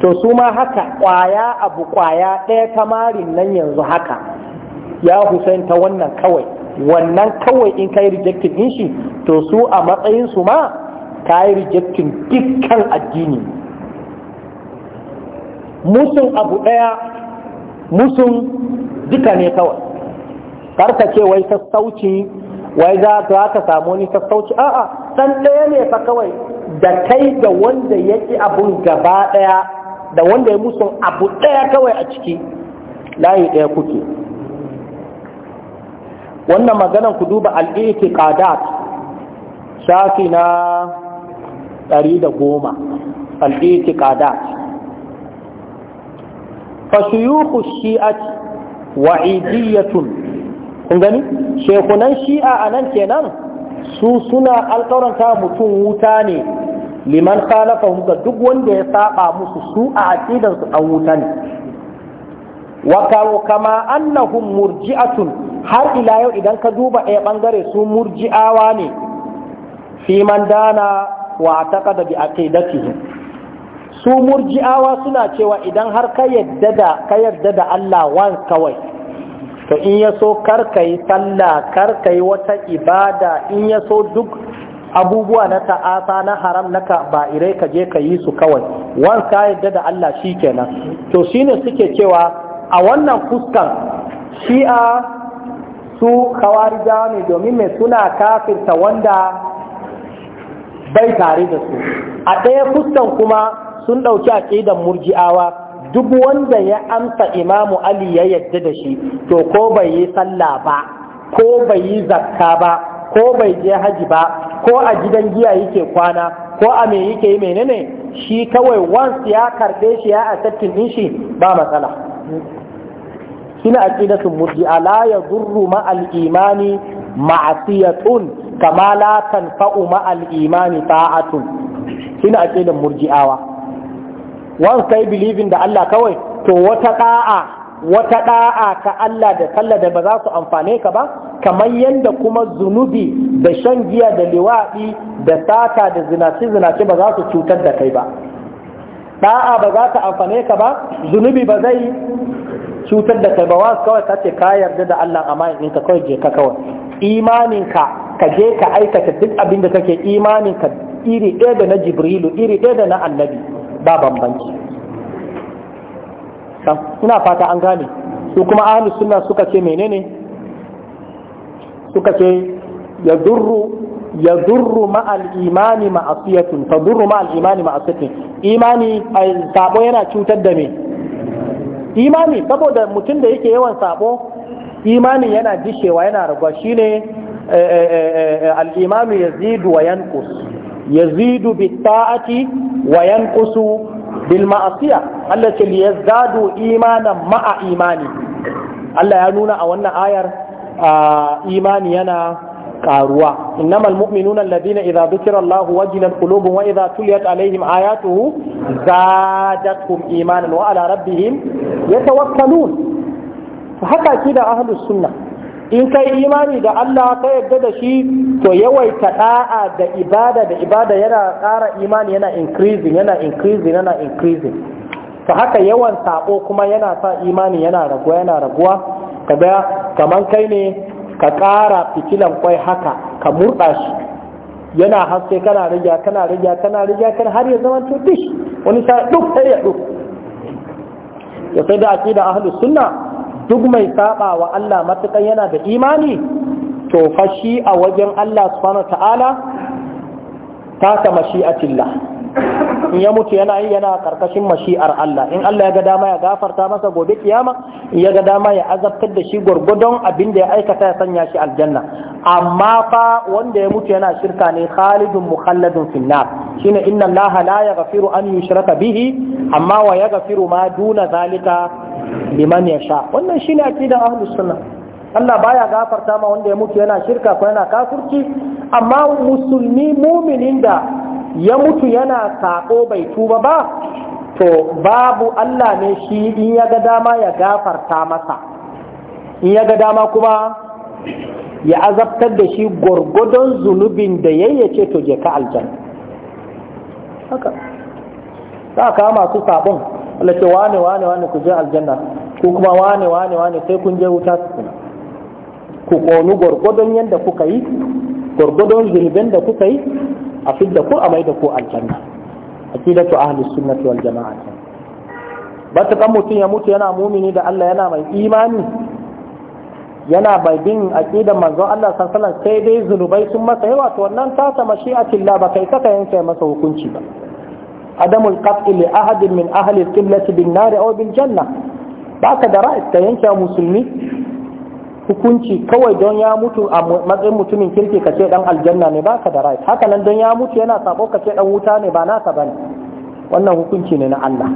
to su ma haka kwaya abu kwaya ɗaya kamarin nan yanzu haka ya Hussein ta wannan kawai wannan kawai in yi rejectin in shi to su a matsayinsu ma ka yi rejectin dukkan addini musun abu ɗaya musun duka ne kawai karka ce wai sassauci wai za ta aka samu wani sassauci a'a san ɗaya ne fa kawai da kai da wanda ya ƙi abun gaba ɗaya da wanda ya musu abu ɗaya kawai a ciki layi ɗaya kuke wannan maganan ku duba al'iki ƙadat shafi na ɗari da goma al'iki qadat fasuyuhu shi'ati wa'idiyatun kun gani shekunan shi'a a nan kenan su suna alkawaranta mutum wuta ne liman khalafahum ga duk wanda ya saba musu su a aqidan su dan wuta ne wa kama annahum murji'atun har ila yau idan ka duba ɗaya bangare su murji'awa ne fi man dana wa taqada bi su murji'awa suna cewa idan har ka yadda ka yarda da Allah wan kawai to in ya so karkai sallah karkai wata ibada in ya so duk abubuwa na ta'asa na haram na ka ba irai ka je ka yi su kawai wani ka yadda da Allah shi kenan to shine suke cewa a wannan fuskan shi'a su kawarija ne domin mai suna kafirta wanda bai tare da su a ɗaya fuskan kuma sun ɗauki aƙidan murji'awa duk wanda ya amsa imamu ali ya yadda da shi to ko bai yi sallah ba ko bai yi zakka ba ko bai je haji ba ko a gidan giya yake kwana ko a me yake yi menene shi kawai once ya karbe shi ya accepting din shi ba matsala shine aqidatul murji'a la yadurru ma al-imani ma'siyatun kama tanfa'u ma al-imani ta'atun shine murji'awa once kai believing da Allah kawai to wata da'a wata da'a ka Allah da sallah da ba za su amfane ka ba kamar yadda kuma zunubi da shan giya da liwaɗi da sata da zinace zinace ba za su cutar da kai ba da'a ba za ta amfane ka ba zunubi ba zai cutar da kai ba wa kawai ka ce ka yarda da Allah amma in ka kawai je ka kawai imaninka ka je ka aikata duk abin da kake imaninka iri ɗaya da na jibrilu iri ɗaya da na annabi ba bambanci ina fata an gane su kuma ahlus suna suka ce menene suka ce ya durru ya durru ma'al imani ma'asiyatun ta durru ma'al imani ma'asiyatun imani a sabo yana cutar da me imani saboda mutum da yake yawan sabo imani yana dishewa yana raguwa shine al ya yazidu wa yanqus yazidu bit ta'ati wa yanqusu bil ma'asiya Allah ce yazdadu imanan ma'a imani Allah ya nuna a wannan ayar imani yana karuwa innamal mu'minuna alladhina idza dhukira Allah wajilat qulubuhum wa idza tuliyat alaihim ayatuhu zadatuhum imanan wa ala rabbihim yatawakkalun haka da ahlus sunnah in kai imani da Allah ka yadda da shi to yawaita da'a da ibada da ibada yana ƙara imani yana increasing yana increasing yana increasing to haka yawan sako kuma yana sa imani yana raguwa yana raguwa kaga kaman kai ne ka ƙara fitilan kwai haka ka murɗa shi yana haske kana rigya kana rigya kana rigya kana har ya zama tutish wani sa duk sai ya duk ya sai da da ahlus sunna duk mai saba wa Allah matukan yana da imani to fa shi a wajen Allah subhanahu ta'ala ta ka mashi'atillah in ya mutu yana yi yana karkashin mashi'ar Allah in Allah ya ga dama ya gafarta masa gobe kiyama in ya ga dama ya azabtar da shi gwargwadon abin da ya aikata ya sanya shi aljanna amma fa wanda ya mutu yana shirka ne khalidun mukhalladun finnar shine inna Allah la yaghfiru an yushraka bihi amma wa yaghfiru ma duna zalika liman ya sha wannan shi shine aqidan ahlus sunna Allah baya gafarta ma wanda ya mutu yana shirka ko yana kafirci amma musulmi muminin da ya mutu yana sako bai tuba ba to babu Allah ne shi in ya ga dama ya gafarta masa in ya ga dama kuma ya azabtar da shi gwargwadon zunubin da yayyace to je ka aljanna haka za ka masu sabon Allah ce wane wane wane ku je aljanna ko kuma wane wane wane sai kun je wuta su ku konu gwargwadon yadda kuka yi gwargwadon zulubin da kuka yi a da ku a mai da ku aljanna aqidatu ahli sunnati wal jama'a ba ta kan mutum ya mutu yana mumini da Allah yana mai imani yana bai bin aqidan manzon Allah sallallahu alaihi wasallam sai dai zunubai sun masa yawa to wannan ta ta mashi'atillah ba kai saka yanke masa hukunci ba عدم القطع لأحد من أهل القبلة بالنار أو بالجنة baka da ra'ayi ka yanke musulmi hukunci kawai don ya mutu a matsayin mutumin kirki ka ce dan aljanna ne baka da ra'ayi haka nan don ya mutu yana sako ka ce dan wuta ne ba naka bane wannan hukunci ne na Allah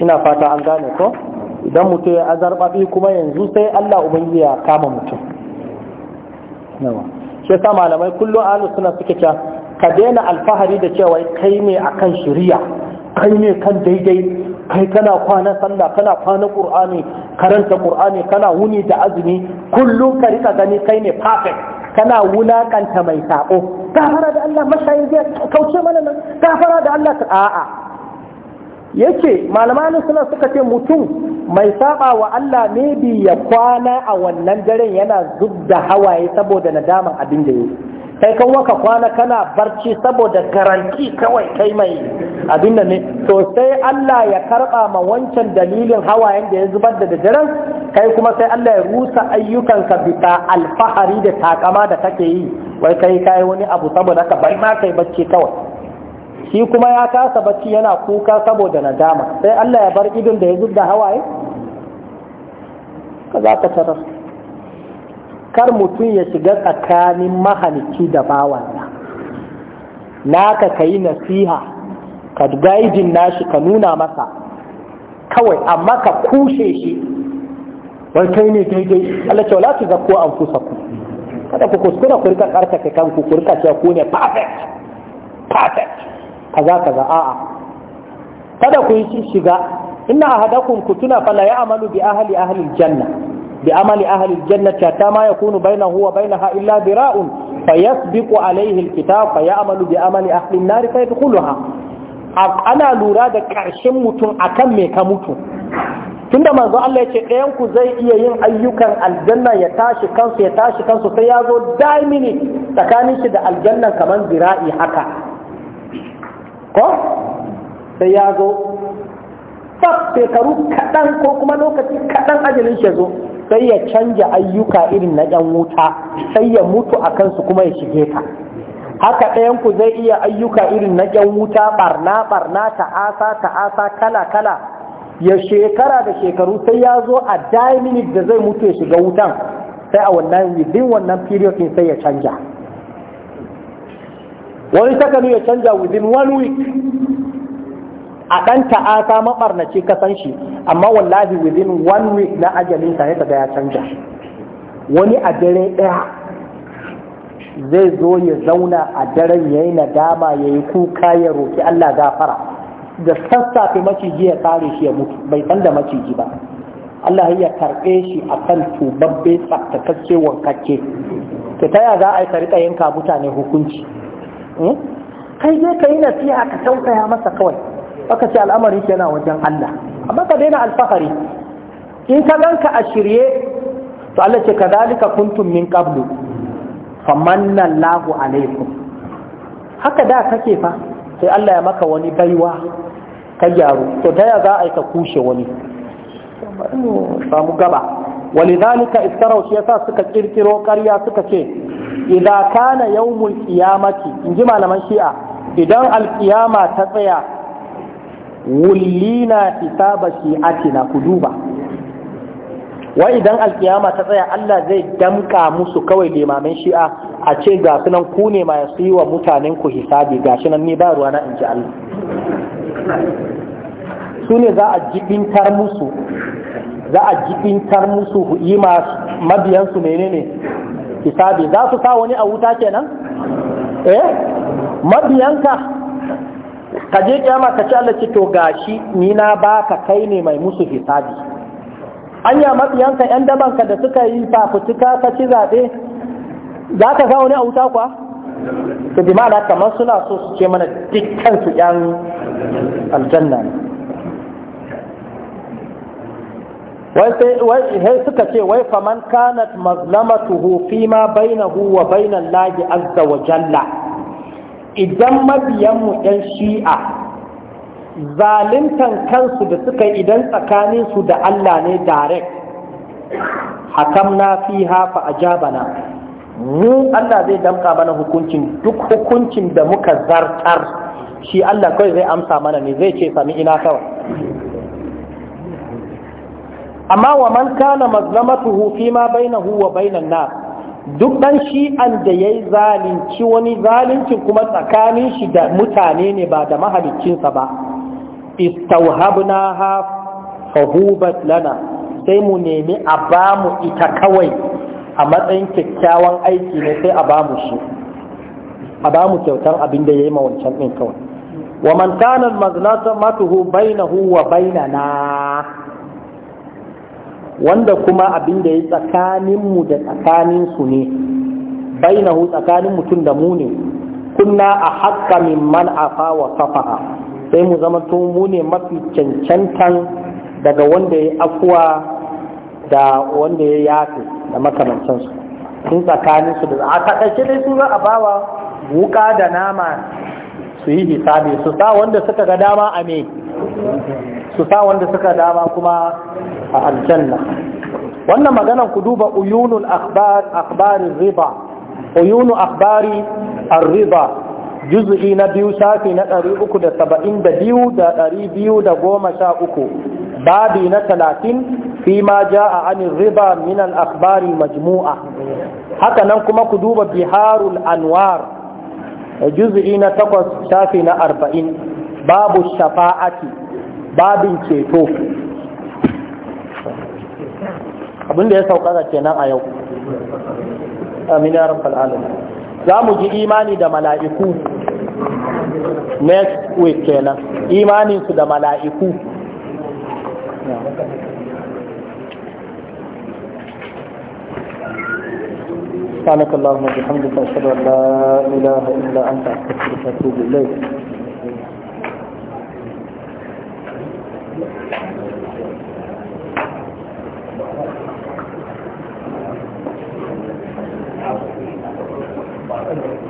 ina fata an gane ko idan mutu ya azarbabi kuma yanzu sai Allah ubangiji ya kama mutum yawa shi sa malamai kullum ahlus suna suke cewa ka daina alfahari da cewa kai ne akan shari'a kai ne kan daidai kai kana kwana sallah kana kwana ƙur'ani, karanta ƙur'ani. kana wuni da azumi kullum ka rika gani kai ne perfect kana wulakanta mai sako gafara da Allah mashayin zai kauce mana nan gafara da Allah a'a yace malamai suna suka ce mutum mai saba wa Allah ne bi ya kwana a wannan daren yana zub da hawaye saboda nadaman abin da yake kai kan waka kwana kana barci saboda garanti kawai kai mai abin da ne to sai Allah ya karba ma wancan dalilin hawayen da ya zubar da daren kai kuma sai Allah ya rusa ayyukanka bisa alfahari da takama da kake yi wai kai kai wani abu saboda ka bai ma kai bacci kawai shi kuma ya kasa bacci yana kuka saboda nadama sai Allah ya bar idon da ya zubda hawaye ka za ka tarar kar mutum ya shiga tsakanin mahalicci da bawansa naka ka yi nasiha ka gaijin nashi ka nuna masa kawai amma ka kushe shi wai kai ne daidai Allah ce wala an kusa ku? kada ku kuskura ku rika karkata kanku ku rika cewa ku ne perfect perfect kaza kaza a'a kada ku yi shiga inna ahadakum kutuna fala ya'malu bi ahli ahli janna bi amali ahli jannati hatta ma yakunu bainahu wa bainaha illa dira'un fayasbiqu alayhi alkitab fa ya'malu bi amali ahli an-nar fa yadkhuluha ana lura da karshen mutum akan me ka mutu tunda manzo Allah ya ce ɗayan ku zai iya yin ayyukan aljanna ya tashi kansu ya tashi kansu sai ya zo daimini tsakanin shi da aljanna kamar zira'i haka ko sai ya zo tsaf shekaru kaɗan ko kuma lokaci kaɗan ajalin shi zo sai ya canja ayyuka irin na ɗan wuta sai ya mutu a kansu kuma ya shige ka haka ɗayan ku zai iya ayyuka irin na ɗan wuta barna barna ta'asa ta'asa kala kala ya shekara da shekaru sai ya zo a minute da zai mutu ya shiga wutan sai a wannan within wannan period sai ya canja wani takan ya canja within one week a ɗan ta'asa maɓarnaci ka san shi amma wallahi within one week na ajalin ta ya ya canja wani a dare ɗaya zai zo ya zauna a daren ya yi nadama ya yi kuka ya roƙi Allah gafara da sassafe maciji ya kare shi ya mutu bai san da maciji ba Allah ya karɓe shi a kan tubabbe tsaftatacce wankakke ta taya za a yi ka yanka mutane hukunci Eh? kai je ka yi nasiha ka tausaya masa kawai baka ce al'amari yana wajen Allah amma ka daina alfahari in ka ganka a shirye to Allah ce kadhalika kuntum min qablu famanna Allahu alaikum haka da kake fa sai Allah ya maka wani baiwa ka gyaru to ta ya za a yi ka kushe wani samu gaba walidhalika iftaraw shi yasa suka kirkiro ƙarya suka ce idza kana yawmul malaman shi'a idan alkiyama ta tsaya wulina wullina hisaba shi'atina ku duba wa idan alkiyama ta tsaya Allah zai damka musu kawai limamin shi'a a ce ga sunan ku ne ma su yi wa mutanen ku hisabi Gashi nan ni ba ruwa na in ji Allah su ne za a jibintar musu za a jibintar musu yi mabiyansu menene hisabi za su sa wani a wuta kenan eh mabiyanka ka je kiyama ka ci Allah ce to gashi ni na baka kai ne mai musu hisabi anya mabiyanka yan dabanka da suka yi fafutuka ka ci zaɓe za ka sa wani a wuta kuwa to bi ma'ana kamar suna so su ce mana dukkan su yan aljanna wai suka ce wai faman kanat mazlamatuhu fi ma bainahu wa bainan lahi azza wa jalla idan mu yan shi'a zalintan kansu da suka yi idan tsakaninsu da Allah ne direct na fi hafa ajabana mu Allah zai damka mana hukuncin duk hukuncin da muka zartar shi Allah kawai zai amsa mana ne zai ce sami ina kawai amma wa man kana mazlamatuhu fi ma bainahu wa bainan nas duk dan an da yayi zalunci wani zalunci kuma tsakanin shi da mutane ne ba da mahaliccinsa ba ha fahubat lana sai mu nemi a bamu ita kawai a matsayin kyakkyawan aiki ne sai a bamu shi a mu kyautar abin da yayi ma wancan din kawai wa man kana mazlamatuhu bainahu wa bainana wanda kuma abin da ya tsakaninmu da tsakaninsu ne hu tsakanin mutum da mu ne kunna a haƙƙa min man afa wa kafaha sai mu zama mu ne mafi cancantan daga wanda ya afuwa da wanda ya yafe da makamancinsu sun tsakaninsu da a taƙaice dai su za a bawa wuka da nama su yi hisabi su sa wanda suka ga dama a me su sa wanda suka dama kuma a aljanna wannan maganan ku duba uyunul akhbar akhbari riba uyunu akhbari ar-riba juz'i na biyu shafi na 372 da 213 babi na 30 fi ma jaa anir riba min al-akhbari majmu'a haka nan kuma ku duba biharul anwar juz'i na 8 shafi na 40 babu shafa'ati babin ceto abinda ya saukaka kenan a yau amin ya rabbal alamin za mu ji imani da mala'iku next week kenan imaninsu da mala'iku سبحانك اللهم وبحمدك اشهد ان لا اله الا انت استغفرك واتوب اليك Thank you.